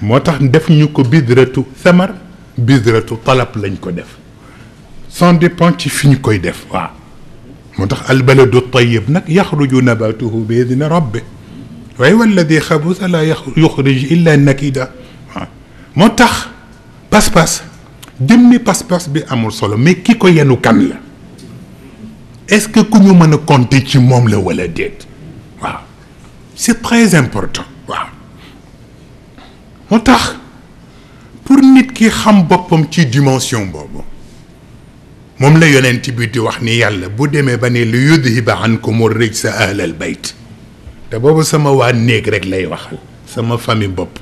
moo tax def ñu ko bidratu samar bidratu talab lañ ko def sans dépend ci fi koy def waaw moo tax albaladu tayib nag yaxruju nabatuhu bi idni rabbi waaye walladi xabusa la yuxrij illa nakida waaw pas-pas jëmmi pas-pas bi amul solo mais ki yenu kan la est ce que ku ñu mën compter ci moom la wala déet waaw c'est très important moo pour nit ki xam bopam ci dimension bobu mom la yonent bi di wax ni yalla bu deme ba ne li yudhiba ankum rijsa al bayt da bobu sama wa neeg rek lay waxal sama famille bop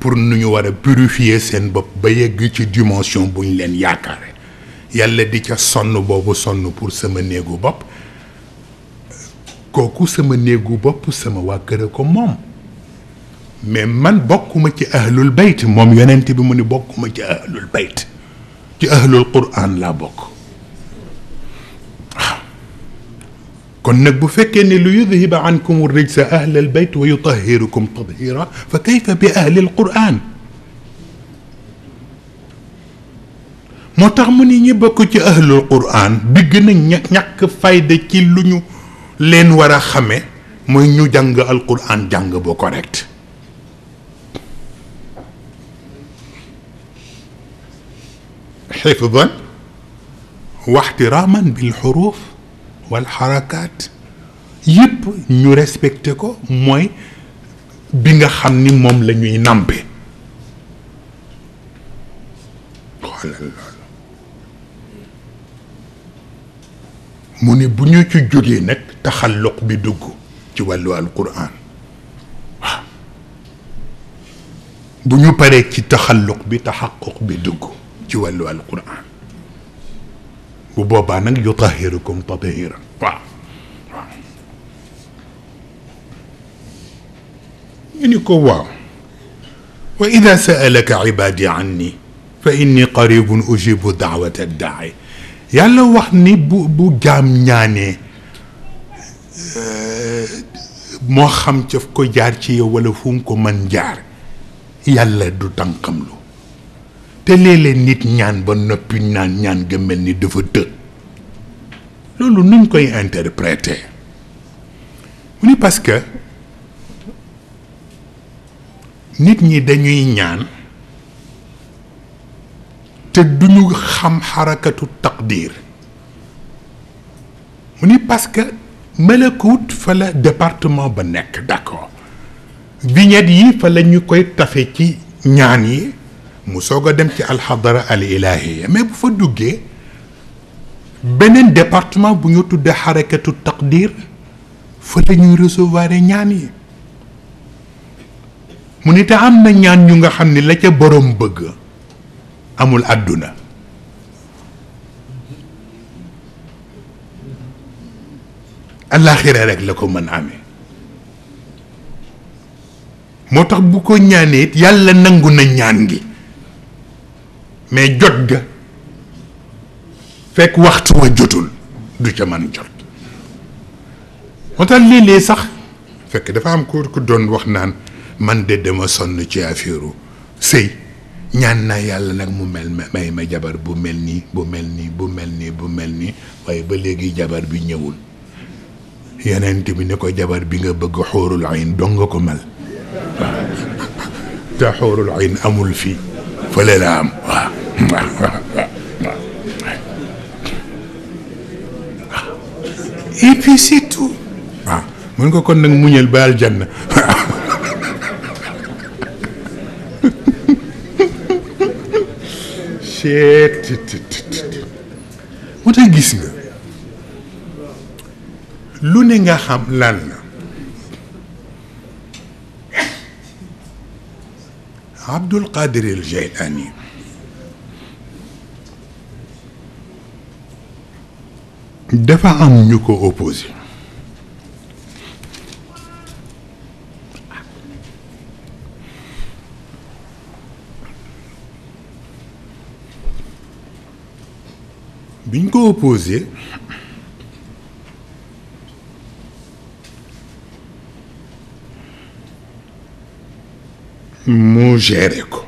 pour nuñu wara purifier sen bop ba yegg ci dimension bu len leen yalla di ca sonn bobu sonn pour sama neegu bop koku sama neegu bop sama wa kër ko mais man bokuma ci ahlul bayt mom yonent bi muni bokuma ci ahlul bayt ci ahlul quran la bok kon nak bu fekke ni lu yudhib ankum ar rijsa ahlal bayt wa yutahhirukum tadhira fa kayfa bi ahli alquran moo tax mu ni bokku ci ahlul quran digg na ñak ñàkk fayda ci luñu len wara xame moy ñu jàng al-qur'an jàng bo correct حفظا واحتراما بالحروف والحركات yëpp ñu respecté ko mooy bi nga xam ni moom la ñuy nampé xoolal loolu mu ne bu ñu ci jógee nag taxalluq bi dugg ci wàllu alquran waaw bu ñu paree ci taxalluq bi taxaquq bi dugg جوالو القرآن وبابا نغ يطهركم تطهيرا وا. وا. يعني كوا وإذا سألك عبادي عني فإني قريب أجيب دعوة الداعي يلا وحني بو بو جام نياني أه، مو خم تشوف كو جار تشي ولا فوم كو من جار يلا دو تنكملو C'est ce nit ñaan ba nopi ñaan ñaan ga ni dafa nuñ koy interpréter parce que nit ñi dañuy ñaan te duñu xam taqdir parce que Malakout fa la département ba d'accord vignette yi fa la mu soog a dem ci alxadara al ilahiya mais bu fa duggee beneen département bu ñu tudd xarakatu taqdir fa la ñuy recevoir ñaan yi mu ni am na ñaan ñu nga xam ni la ca borom bëgg amul àdduna alaxira rek la ko mën amee moo tax bu ko ñaanee it yàlla nangu na ñaan gi mais jot ga fekk waxtu wa jotul du ca man jot moo tax léeg-léeg sax fekk dafa am koor ku doon wax naan man de dama sonn ci affaire sëy ñaan naa yàlla nag mu mel may ma jabar bu mel nii bu mel nii bu mel nii bu mel nii waaye ba léegi jabar bi ñëwul yenent bi ne ko jabar bi nga bëgg xóorul ayn dong nga ko mel waaw te xóorul ayn amul fii fële la am waaw waaw waaw waaw et puis mën nga kon nag muñal ba aljanna moo tax gis nga lu ne nga xam lan la Abdul Qadir al Jaylani dafa am ñu ko opposé biñ ko opposé mu géré ko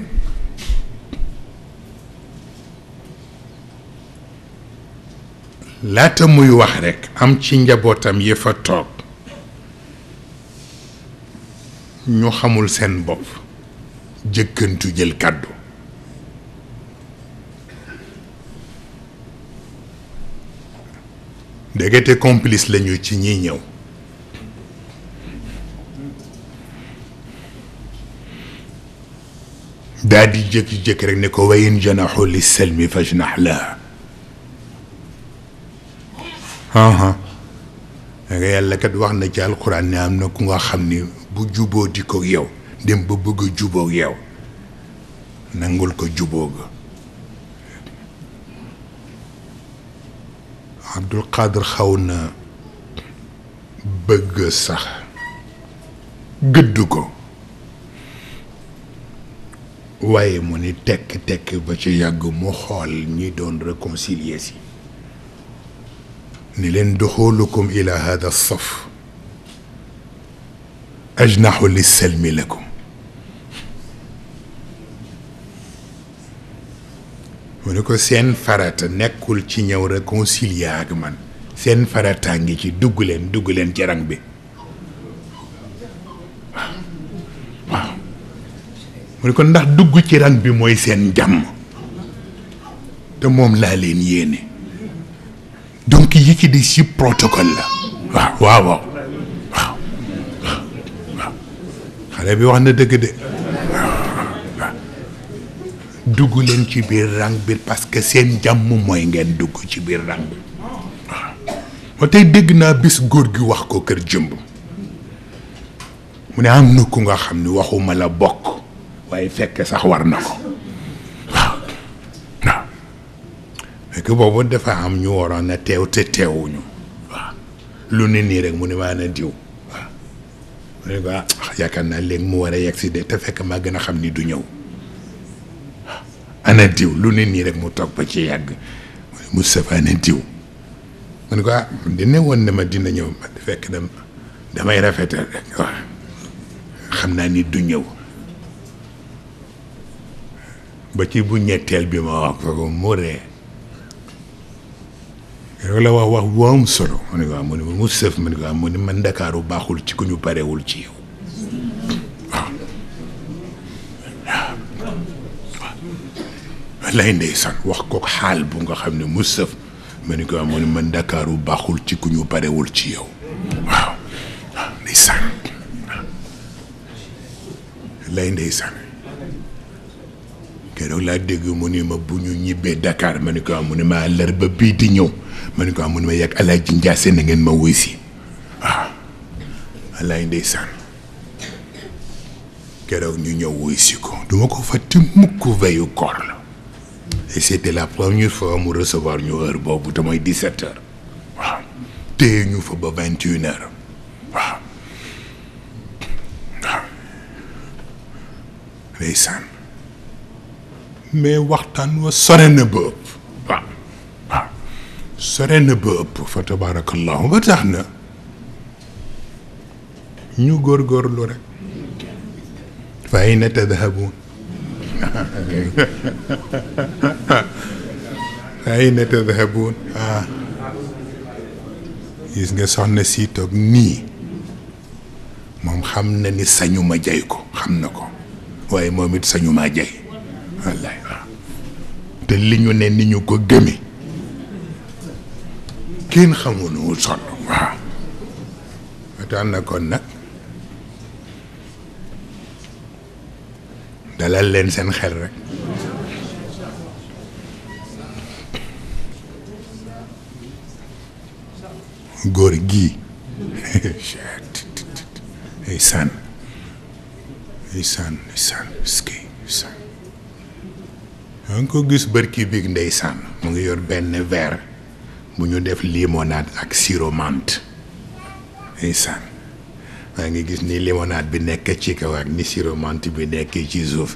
laata muy wax rek am ci njabootam yi fa toog ñu xamul seen bopp jëkkantu jël kàddu dégete complice lañu ci ñi ñëw daa di jékki-jékki rekk ne ko wayin janaxu li selmi fajnax laha nga yàlla kat wax na ci alxuraan ni am na ku nga xam ni bu juboo di yow dem ba bëgg a juboo yow nangul ko juboo ga Abdul xaw na bëgg sax gëdd ko waaye mu ni tekk tekk ba ci yàgg mu xool ñuy doon réconcilier si ni leen duxulukum ila hada saf ajnaxu li selmi lakum mu ne ko seen farata nekkul ci ñëw réconcilier ak man seen farataa ngi ci dugg leen dugg leen ci rang bi waaw mu ne ko ndax dugg ci rang bi mooy seen jàmm te moom laa leen yéene donc yi ci di yëpp protocole la waaw waaw xale bi wax na dëgg de dugg leen ci biir rang bi parce que seen jàmm mooy ngeen dugg ci biir rang bi moo tey dégg naa bis góor gi wax koo kër jëmb mu ne am na ku nga xam ni waxuma la bokk waaye fekk sax war na ko fekk boobu dafa am ñu waroon a teew te teewuñu waaw lu ne nii rek mu ne maa na diw waaw mu ne ko ah yaakaar naa léegi mu war a yegg si de te fekk maa gën a xam ni du ñëw ana lu ne nii mu toog ci yàgg mu ne Moustapha ana ah di ne woon na ma dina ñëw ma fekk dem damay rafetal rek waaw xam naa ni du ñëw ba ci bu ñetteel bi ma wax mu ree rek la wax wax bu solo ah, ma ne ko mu sëf ah, ma ne man Ndakaaru baaxul ci ku ñu parewul ci yow lay ndeysaan wax ko xaal bu nga ne mu sëf ma ne ko ah Ndakaaru baaxul ci parewul ci yow keroog la dégg mu ni ma bu ñu ñibbee Dakar ma ni ko mu ne ma àllarba bii di ñëw ma ni ko mu ne ma yegg Alaaji Njaase na ngeen ma wuy si waaw Alaaji ndeysaan keroog ñu ñëw wuy si ko duma ko fàtte mukk veyu koor la et c'était la première fois mu recevoir ñu heure boobu te mooy 17 heures waaw téye ñu fa ba 21 heures waaw waaw ndeysaan mais waxtaan wa sore na ba ëpp waaw waaw sore na ba ëpp fa tabarakallahu ba tax na ñu góorgóorlu rek fa ayna tadhabuun ayna tadhabuun ah gis nga soxna si toog nii moom xam na ni sañuma jay ko xam na ko waaye moom it sañuma jay wallaay te li ñu ne ni ñu ko gëme kenn xamul wu sonn waaw ataan na kon nag dalal leen seen xel rek góor gi ay saan ay maa ngi ko gis bërki biig ndeysaan mu ngi yor benn verre bu ñu def limonade ak sirop menthe ndeysaan maa ngi gis ni limonade bi nekk ci kaw ak ni sirop menthe bi nekk ci suuf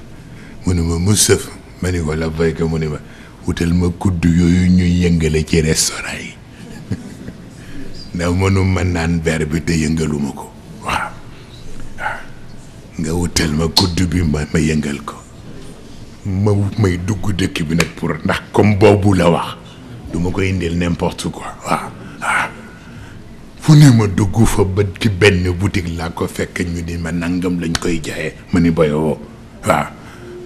mu ne ma mu sëf ma ni ko la bay mu ne ma wutal ma kudd yooyu ñuy yëngale ci restaurant yi ndax mënu naan verre bi te yëngaluma ko waaw nga wutal ma kudd bi ma ma yëngal ko ma may dugg dëkk bi nag pour ndax comme boobu la wax du ma koy indil n'importe quoi waaw waaw fu ne ma dugg fa ba ci benn boutique laa ko fekk ñu di ma nangam lañ koy jaaye ma ni boy woo waaw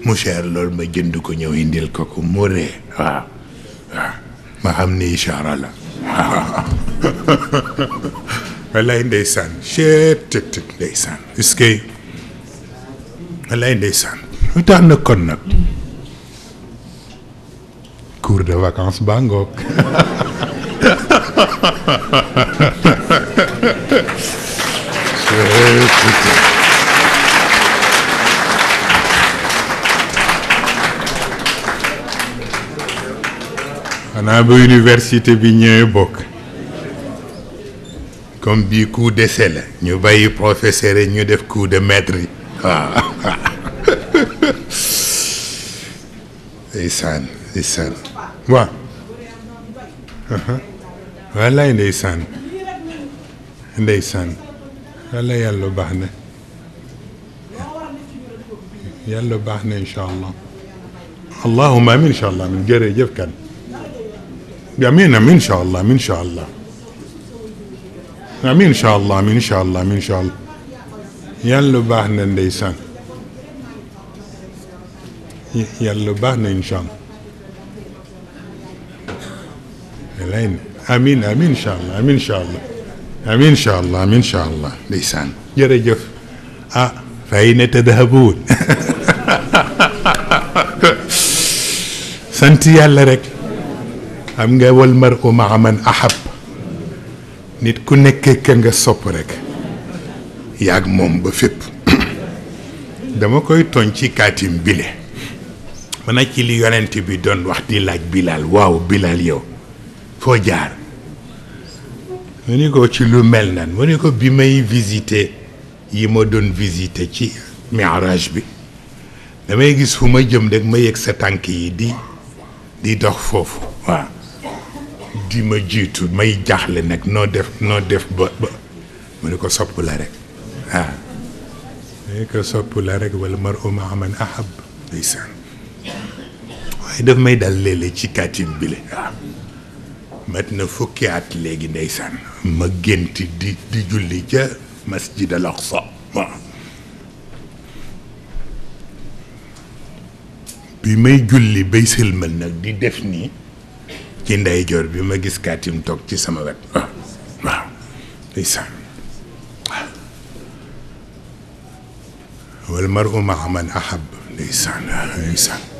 mu cher loolu ma jënd ko ñëw indil ko ko mu ree waaw waaw ma xam ni ishaara wallaay ndeysaan cheet tëg tëg ndeysaan est wallaay ndeysaan lu tax na kon nag de vacances Bangkok. en une université bi comme du coup de sel ñu professeur et nous des coups de maître ليسان ليسان وا والله ليسان ndeysaan yàlla yàlla baax na yàlla baax na allah allahuma amin incha allah amin jërëjëf amin amin incha allah amin inşallah allah amin incha allah amin inşallah allah amin inşallah allah yàlla baax na ndeysaan يلو بانا ان شاء الله الين امين امين ان شاء الله امين ان شاء الله امين ان شاء الله امين ان شاء الله ليسان يرجف اه فاين تذهبون سنتي يلا رك ام غا والمرء مع من احب نيت كو نيك كيغا سوب رك ياك موم بفيب دما كوي تونتي كاتيم بيلي ma ne ci li yonent bi doon wax di laaj Bilal waaw Bilal yow foo jaar mu ni ko ci lu mel nan mu ni ko bi may visité yi ma doon visité ci mi'raj bi damay gis fu ma jëm rek ma yëg sa tànk yi di di dox foofu waaw di ma jiitu may jaaxle nag noo def noo def ba ba mu ni ko sopp la rek waaw mu ni ko sopp la rek wala mar uma aman ahab ndeysaan waaye daf may dal leeg ci kàttin bi le matna fukki at legi ndaysan ma genti di di julli ca masjid al aqsa bi may julli bay sëlmal nak di def ni ci nday jor bi ma gis katim tok ci sama wet waaw waaw ndeysaan wal mar'u ma'a man ahab ndeysaan ndeysaan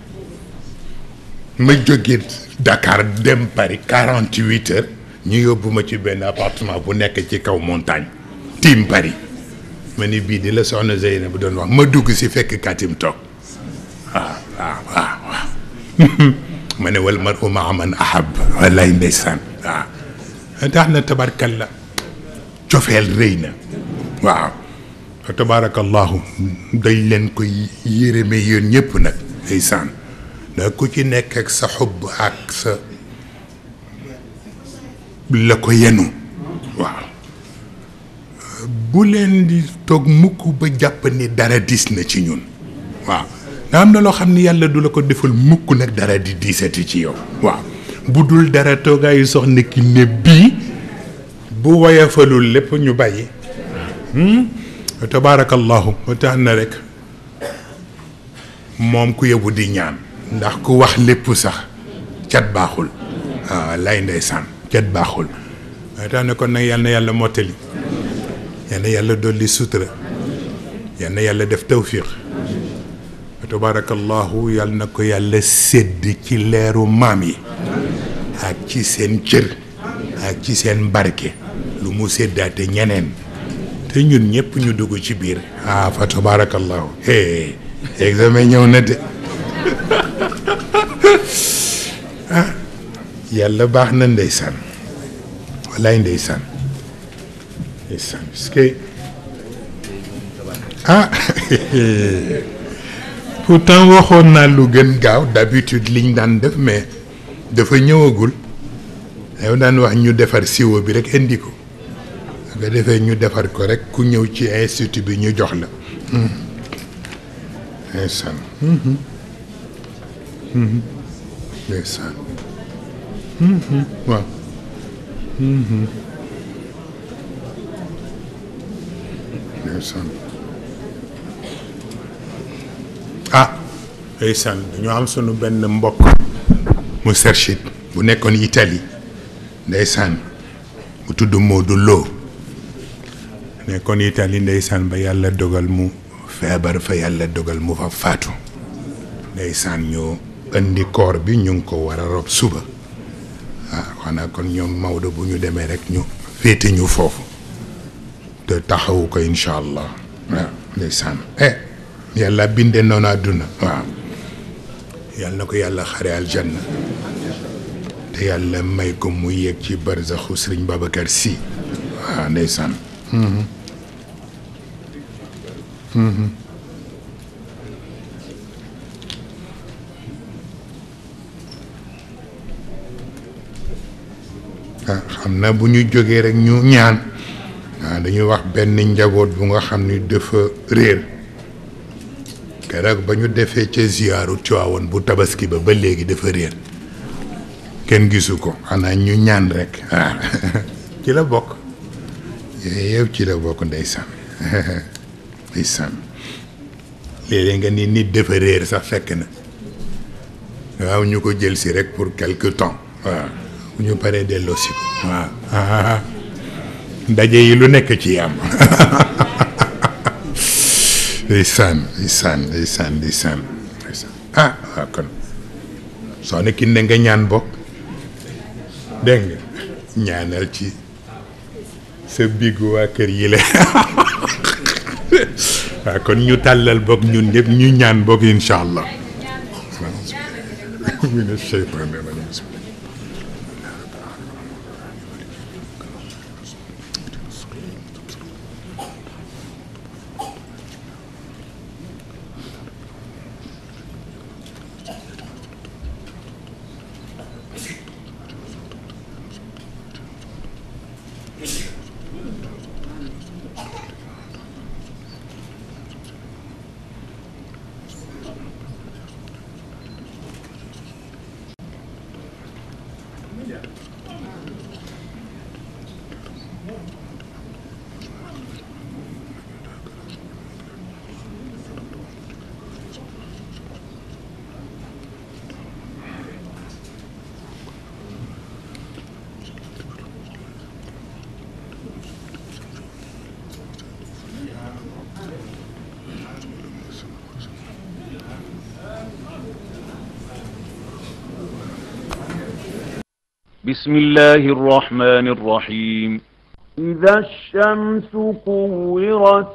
ma jóge Dakar dem Paris 48 heures ñu yóbbu ma ci benn appartement bu nekk ci kaw montagne tiim Paris ma ni bii di la soxna Zeyna bu doon wax ma dugg si fekk katim toog waaw waaw waaw waaw ma ne wal mar uma aman ahab wallaay ndeysaan waaw tax na tabarkal la cofeel rëy na waaw tabaarakallahu dañ leen koy yërëme yéen ñëpp nag ndeysaan ndax ku ci nekk ak sa xob ak sa la ko yenu waaw bu leen di toog mukk ba jàpp ni dara diis na ci ñun waaw ndax na loo xam ne yàlla du la ko deful mukk nag dara di diisati ci yow waaw bu dul dara toogaayu soxna ki ne bii bu woyafalul lépp ñu bàyyi hmm? tabaarakallahu ba na rek moom ku yebu di ñaan ndax ku wax lépp sax cat baaxul waaw ah, lay ndeysaan cat baaxul waaye ah, tax ne kon nag yal yàlla mottali yal yàlla dolli sutura yal na yàlla def tawfiq tabaarakallahu yal na ko yàlla sédd ci leeru maam yi ak ci seen cër ak ci seen barke lu mu séddaate ñeneen te ñun ñëpp ñu dugg ci biir ah fa tabaarakallahu examen ñëw na de yàlla baax na ndeysaan wallaay ndeysaan ndeysaan parce que ah pourtant waxoon naa lu gën gaaw d'habitude liñ daan def mais dafa ñëwagul yow daan wax ñu defar siwo bi rek indi ko nga defee ñu defar ko rek ku ñëw ci institut bi ñu jox la waaw. ndeysaan ah ndeysaan dañoo am sunu benn mbokk mu Cerchit bu nekkoon Italie ndeysaan mu tudd Modou Lo nekkoon Italie ndeysaan ba yàlla dogal mu feebar fa yàlla dogal mu fa faatu ndeysaan ñoo indi koor bi ñu ngi ko war a rob suba ah xanaa kon ñoom Maodo bu ñu demee rek ñu féete ñu foofu te taxawu ko incha allah waaw ah, ndeysaan eh yàlla binde noonu àdduna waaw yàlla na ko yàlla xare aljanna te yàlla may ko mu yéeg ci barzaxu sëriñ Babacar Sy waaw ah, ndeysaan mm-hmm. Mm-hmm. Ah, xam na bu ñu jógee rek ñu ñaan waaw ah, dañuy wax benn njaboot bu nga xam ni dafa réer keroog ba ñu defee ca ziyaaru Tiwaawan bu tabaski ba ba léegi dafa réer kenn gisu ko xanaa ñu ñaan rek ah, ci la bokk yow ci la bokk ndeysaan ndeysaan léeg-léeg nga ni nit dafa réer sax fekk na waaw ñu ko jël si rek pour quelque temps waaw bu ñu paree delloo ah. ndaje yi lu nekk ci am ndeysaan ndeysaan ndeysaan ndeysaan ah waaw kon soo ne kin ne nga ñaan bokk dégg nga ñaanal ci sa biggu waa kër yile la kon ñu tàllal bokk ñun ñëpp ñu ñaan bokk incha allah بسم الله الرحمن الرحيم إذا الشمس كورت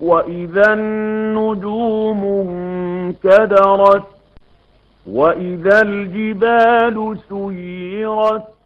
وإذا النجوم انكدرت وإذا الجبال سيرت